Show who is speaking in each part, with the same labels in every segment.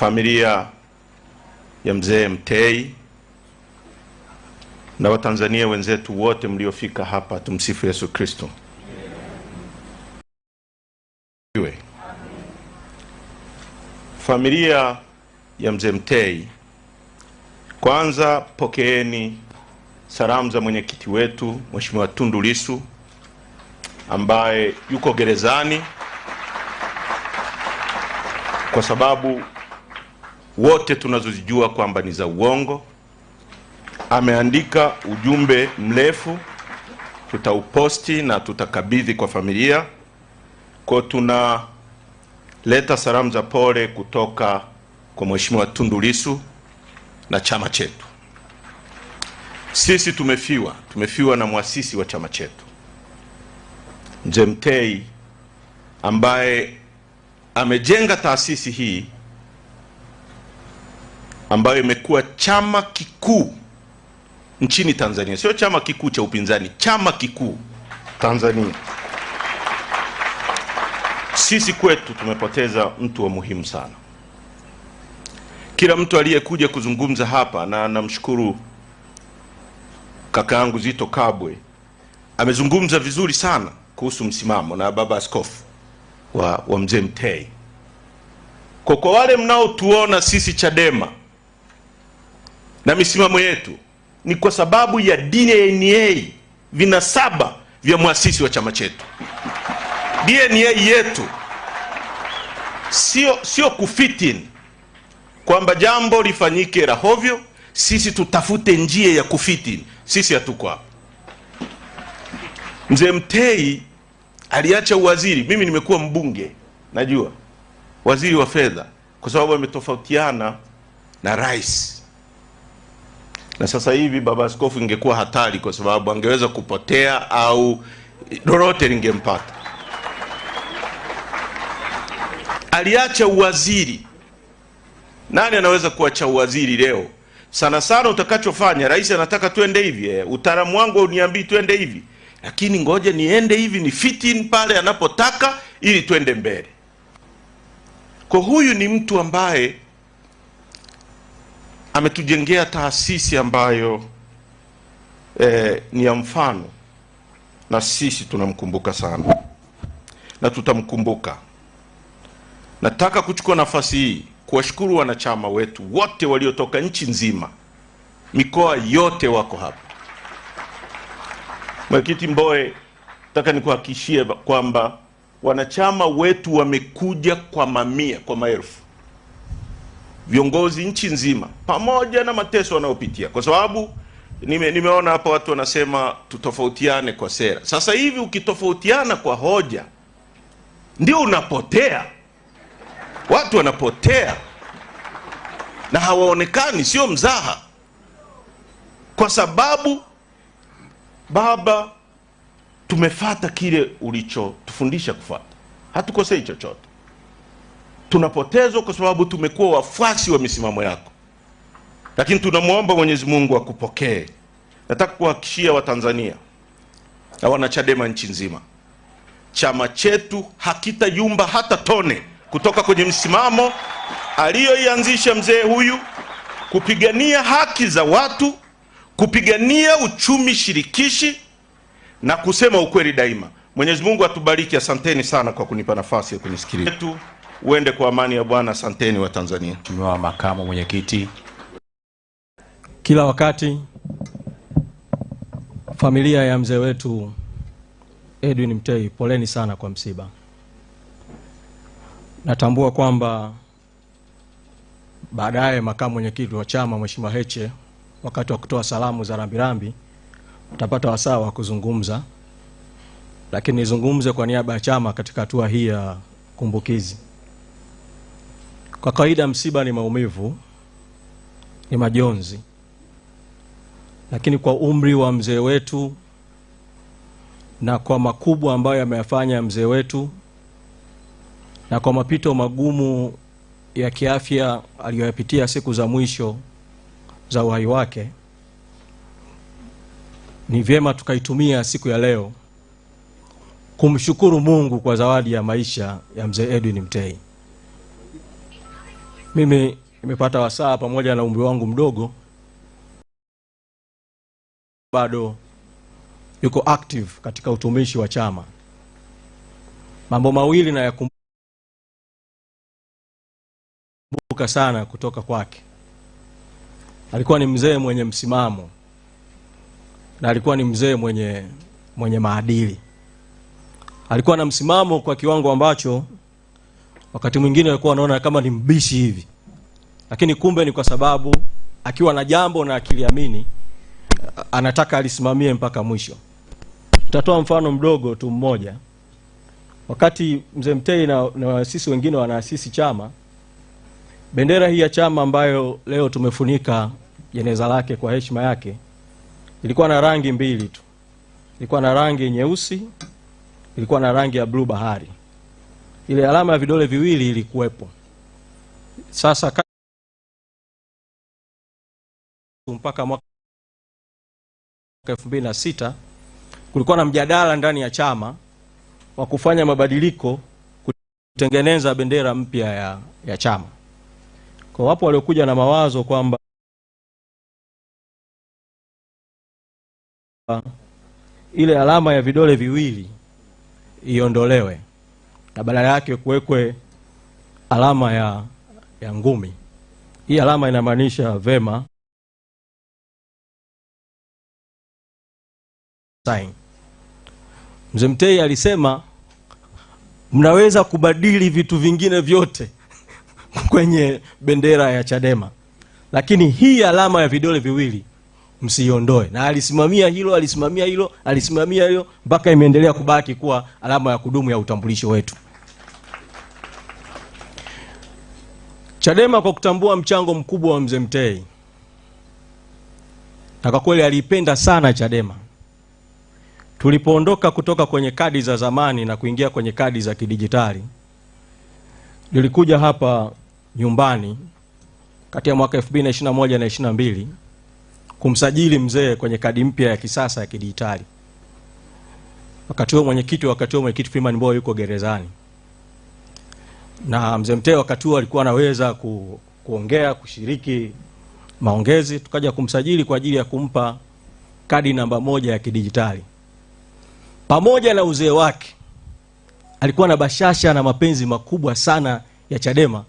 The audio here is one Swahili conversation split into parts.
Speaker 1: familia ya mzee Mtei na Watanzania wenzetu wote mliofika hapa. Tumsifu Yesu Kristo. Familia ya mzee Mtei, kwanza pokeeni salamu za mwenyekiti wetu Mheshimiwa Tundu Lissu ambaye yuko gerezani kwa sababu wote tunazozijua kwamba ni za uongo. Ameandika ujumbe mrefu, tutauposti na tutakabidhi kwa familia kwa. Tunaleta salamu za pole kutoka kwa Mheshimiwa Tundu Lissu na chama chetu. Sisi tumefiwa, tumefiwa na mwasisi wa chama chetu Mzee Mtei ambaye amejenga taasisi hii ambayo imekuwa chama kikuu nchini Tanzania, sio chama kikuu cha upinzani, chama kikuu Tanzania. Sisi kwetu tumepoteza mtu wa muhimu sana. Kila mtu aliyekuja kuzungumza hapa, na namshukuru kaka yangu Zito Kabwe amezungumza vizuri sana kuhusu msimamo na baba askofu wa, wa mzee Mtei. Kwa kwa wale mnaotuona sisi Chadema na misimamo yetu ni kwa sababu ya DNA, vinasaba vya mwasisi wa chama chetu. DNA yetu sio sio kufitin kwamba jambo lifanyike rahovyo, sisi tutafute njia ya kufitin. Sisi hatuko hapa. Mzee Mtei aliacha uwaziri, mimi nimekuwa mbunge, najua waziri wa fedha, kwa sababu ametofautiana na rais na sasa hivi baba askofu ingekuwa hatari, kwa sababu angeweza kupotea au lolote lingempata. Aliacha uwaziri. Nani anaweza kuacha uwaziri leo? Sana sana utakachofanya, rais anataka twende hivi, eh, utaalamu wangu uniambii twende hivi, lakini ngoja niende hivi, ni in pale anapotaka, ili twende mbele. Kwa huyu ni mtu ambaye ametujengea taasisi ambayo eh, ni ya mfano, na sisi tunamkumbuka sana na tutamkumbuka. Nataka kuchukua nafasi hii kuwashukuru wanachama wetu wote waliotoka nchi nzima, mikoa yote wako hapa. Mwenyekiti Mboe, nataka nikuhakikishie kwamba wanachama wetu wamekuja kwa mamia, kwa maelfu viongozi nchi nzima, pamoja na mateso wanayopitia, kwa sababu nime, nimeona hapa watu wanasema tutofautiane kwa sera. Sasa hivi ukitofautiana kwa hoja ndio unapotea, watu wanapotea na hawaonekani, sio mzaha, kwa sababu baba, tumefata kile ulichotufundisha kufata, hatukosei chochote tunapotezwa kwa sababu tumekuwa wafuasi wa misimamo yako, lakini tunamwomba Mwenyezi Mungu akupokee. Nataka kuhakikishia Watanzania na wanachadema nchi nzima, chama chetu hakitayumba hata tone kutoka kwenye msimamo aliyoianzisha mzee huyu, kupigania haki za watu, kupigania uchumi shirikishi na kusema ukweli daima. Mwenyezi Mungu atubariki. Asanteni sana kwa kunipa nafasi ya kunisikiliza uende kwa amani ya Bwana. Asanteni wa Tanzania. Mheshimiwa makamu mwenyekiti,
Speaker 2: kila wakati familia ya mzee wetu Edwin Mtei, poleni sana kwa msiba. Natambua kwamba baadaye makamu mwenyekiti wa chama Mheshimiwa Heche, wakati wa kutoa salamu za rambirambi, utapata wasaa wa kuzungumza, lakini nizungumze kwa niaba ya chama katika hatua hii ya kumbukizi. Kwa kawaida msiba ni maumivu, ni majonzi, lakini kwa umri wa mzee wetu na kwa makubwa ambayo yameyafanya mzee wetu na kwa mapito magumu ya kiafya aliyoyapitia siku za mwisho za uhai wake, ni vyema tukaitumia siku ya leo kumshukuru Mungu kwa zawadi ya maisha ya mzee Edwin Mtei. Mimi nimepata wasaa pamoja na umri wangu mdogo, bado yuko active katika utumishi wa chama. Mambo mawili na yakumbuka sana kutoka kwake. Alikuwa ni mzee mwenye msimamo na alikuwa ni mzee mwenye, mwenye maadili. Alikuwa na msimamo kwa kiwango ambacho Wakati mwingine alikuwa anaona kama ni mbishi hivi, lakini kumbe ni kwa sababu akiwa na jambo na akiliamini anataka alisimamie mpaka mwisho. Tutatoa mfano mdogo tu mmoja. Wakati mzee Mtei na, na waasisi wengine wanaasisi chama, bendera hii ya chama ambayo leo tumefunika jeneza lake kwa heshima yake ilikuwa na rangi mbili tu, ilikuwa na rangi nyeusi, ilikuwa na rangi ya bluu bahari ile alama ya vidole viwili ilikuwepo. Sasa mpaka mwaka elfu mbili na sita kulikuwa na mjadala ndani ya chama wa kufanya mabadiliko kutengeneza bendera mpya ya, ya chama. Kwa wapo waliokuja na mawazo kwamba ile alama ya vidole viwili iondolewe na badala yake kuwekwe alama ya, ya ngumi. Hii alama inamaanisha vema sign. Mzee Mtei alisema mnaweza kubadili vitu vingine vyote kwenye bendera ya Chadema, lakini hii alama ya vidole viwili msiiondoe. Na alisimamia hilo, alisimamia hilo, alisimamia hilo mpaka imeendelea kubaki kuwa alama ya kudumu ya utambulisho wetu. Chadema kwa kutambua mchango mkubwa wa mzee Mtei, na kwa kweli aliipenda sana Chadema. Tulipoondoka kutoka kwenye kadi za zamani na kuingia kwenye kadi za kidijitali, nilikuja hapa nyumbani kati ya mwaka 2021 na 22 kumsajili mzee kwenye kadi mpya ya kisasa ya kidijitali. Wakati huo mwenyekiti, wakati huo mwenyekiti Freeman Mbowe yuko gerezani na mzee Mtee wakati huo alikuwa anaweza ku, kuongea kushiriki maongezi, tukaja kumsajili kwa ajili ya kumpa kadi namba moja ya kidijitali. Pamoja na uzee wake, alikuwa na bashasha na mapenzi makubwa sana ya Chadema,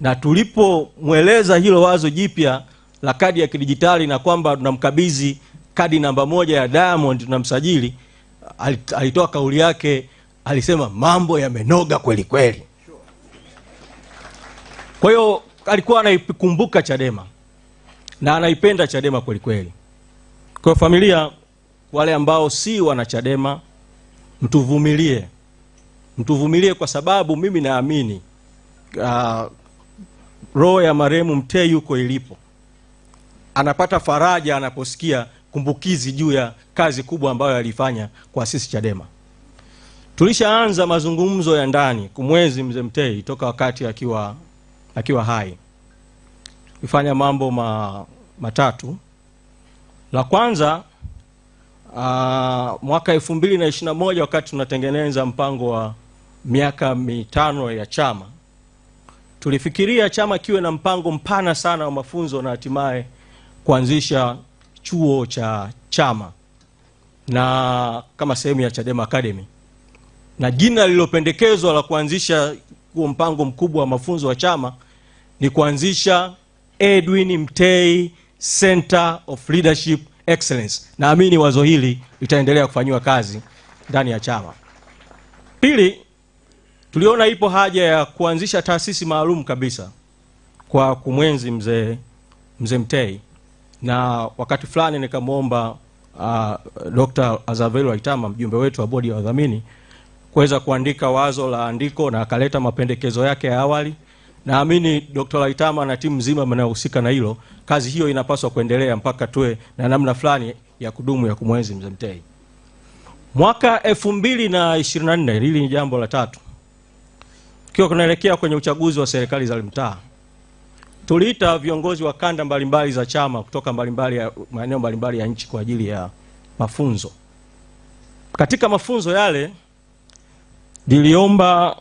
Speaker 2: na tulipomweleza hilo wazo jipya la kadi ya kidijitali na kwamba tunamkabidhi kadi namba moja ya Diamond tunamsajili, alitoa kauli yake, alisema mambo yamenoga kweli kweli. Kwa hiyo alikuwa anaikumbuka Chadema na anaipenda Chadema kwelikweli. Kwa familia, wale ambao si wana Chadema, mtuvumilie, mtuvumilie kwa sababu mimi naamini uh, roho ya marehemu mtei yuko ilipo, anapata faraja anaposikia kumbukizi juu ya kazi kubwa ambayo alifanya kwa sisi Chadema. Tulishaanza mazungumzo ya ndani kumwezi mzee Mtei toka wakati akiwa akiwa hai. kufanya mambo ma, matatu. La kwanza Uh, mwaka elfu mbili na ishirini na moja wakati tunatengeneza mpango wa miaka mitano ya chama tulifikiria chama kiwe na mpango mpana sana wa mafunzo na hatimaye kuanzisha chuo cha chama na kama sehemu ya Chadema Academy, na jina lililopendekezwa la kuanzisha huo mpango mkubwa wa mafunzo wa chama ni kuanzisha Edwin Mtei Center of Leadership Excellence. Naamini wazo hili litaendelea kufanyiwa kazi ndani ya chama. Pili, tuliona ipo haja ya kuanzisha taasisi maalum kabisa kwa kumwenzi mzee mzee Mtei, na wakati fulani nikamwomba uh, Dr. Azavelo Aitama, mjumbe wetu wa bodi ya wadhamini, kuweza kuandika wazo la andiko na akaleta mapendekezo yake ya awali Naamini Dr. Laitama na timu nzima mnayohusika na hilo, kazi hiyo inapaswa kuendelea mpaka tuwe na namna fulani ya kudumu ya kumwenzi Mzee Mtei. Mwaka 2024, hili ni jambo la tatu, kiwa kunaelekea kwenye uchaguzi wa serikali za mtaa, tuliita viongozi wa kanda mbalimbali za chama kutoka mbalimbali maeneo mbalimbali ya nchi kwa ajili ya mafunzo. Katika mafunzo yale niliomba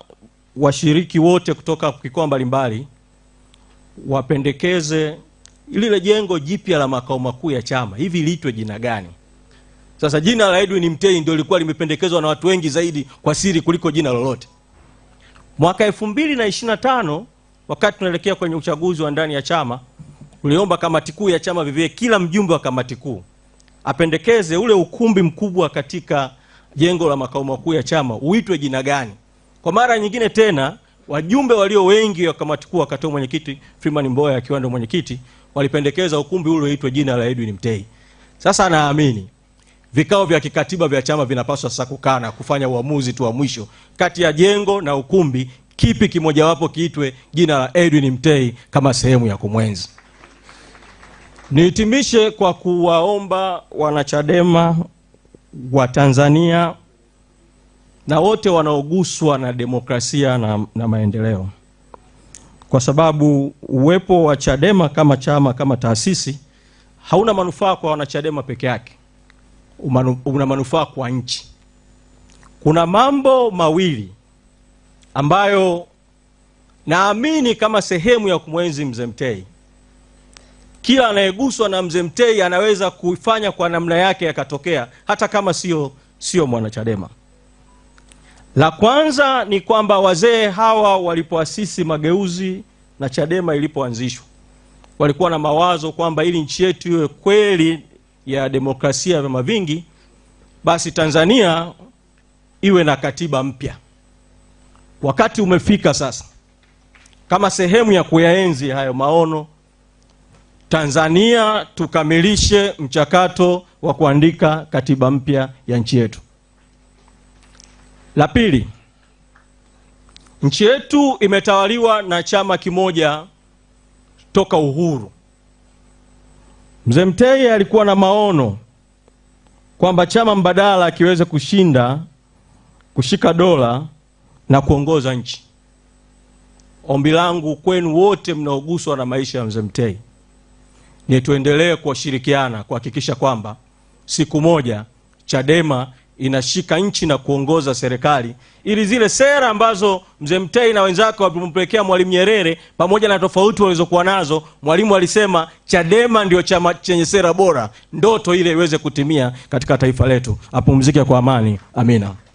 Speaker 2: washiriki wote kutoka mikoa mbalimbali wapendekeze lile jengo jipya la makao makuu ya chama hivi liitwe jina gani? Sasa jina la Edwin Mtei ndio lilikuwa limependekezwa na watu wengi zaidi kwa siri kuliko jina lolote. Mwaka elfu mbili na ishirini na tano wakati tunaelekea kwenye uchaguzi wa ndani ya chama, tuliomba kamati kuu ya chama vivie, kila mjumbe wa kamati kuu apendekeze ule ukumbi mkubwa katika jengo la makao makuu ya chama uitwe jina gani. Kwa mara nyingine tena wajumbe walio wengi wa kamati kuu wakatoa mwenyekiti Freeman Mboya akiwa ndo mwenyekiti walipendekeza ukumbi ule uitwe jina la Edwin Mtei. Sasa naamini vikao vya kikatiba vya chama vinapaswa sasa kukaa na kufanya uamuzi tu wa mwisho kati ya jengo na ukumbi, kipi kimojawapo kiitwe jina la Edwin Mtei kama sehemu ya kumwenzi. Nihitimishe kwa kuwaomba wanachadema wa Tanzania na wote wanaoguswa na demokrasia na, na maendeleo, kwa sababu uwepo wa Chadema kama chama kama taasisi hauna manufaa kwa wanachadema peke yake, una manufaa kwa nchi. Kuna mambo mawili ambayo naamini kama sehemu ya kumwenzi Mzee Mtei, kila anayeguswa na Mzee Mtei anaweza kuifanya kwa namna yake yakatokea, hata kama sio sio mwanachadema. La kwanza ni kwamba wazee hawa walipoasisi mageuzi na Chadema ilipoanzishwa, walikuwa na mawazo kwamba ili nchi yetu iwe kweli ya demokrasia ya vyama vingi, basi Tanzania iwe na katiba mpya. Wakati umefika sasa, kama sehemu ya kuyaenzi hayo maono, Tanzania tukamilishe mchakato wa kuandika katiba mpya ya nchi yetu. La pili, nchi yetu imetawaliwa na chama kimoja toka uhuru. Mzee alikuwa na maono kwamba chama mbadala akiweze kushinda kushika dola na kuongoza nchi. Ombi langu kwenu wote mnaoguswa na maisha ya Mzee Mtei ni tuendelee kuwashirikiana kuhakikisha kwamba siku moja Chadema inashika nchi na kuongoza serikali, ili zile sera ambazo mzee Mtei na wenzake walimpelekea Mwalimu Nyerere, pamoja na tofauti walizokuwa nazo, Mwalimu alisema Chadema ndio chama chenye sera bora, ndoto ile iweze kutimia katika taifa letu. Apumzike kwa amani. Amina.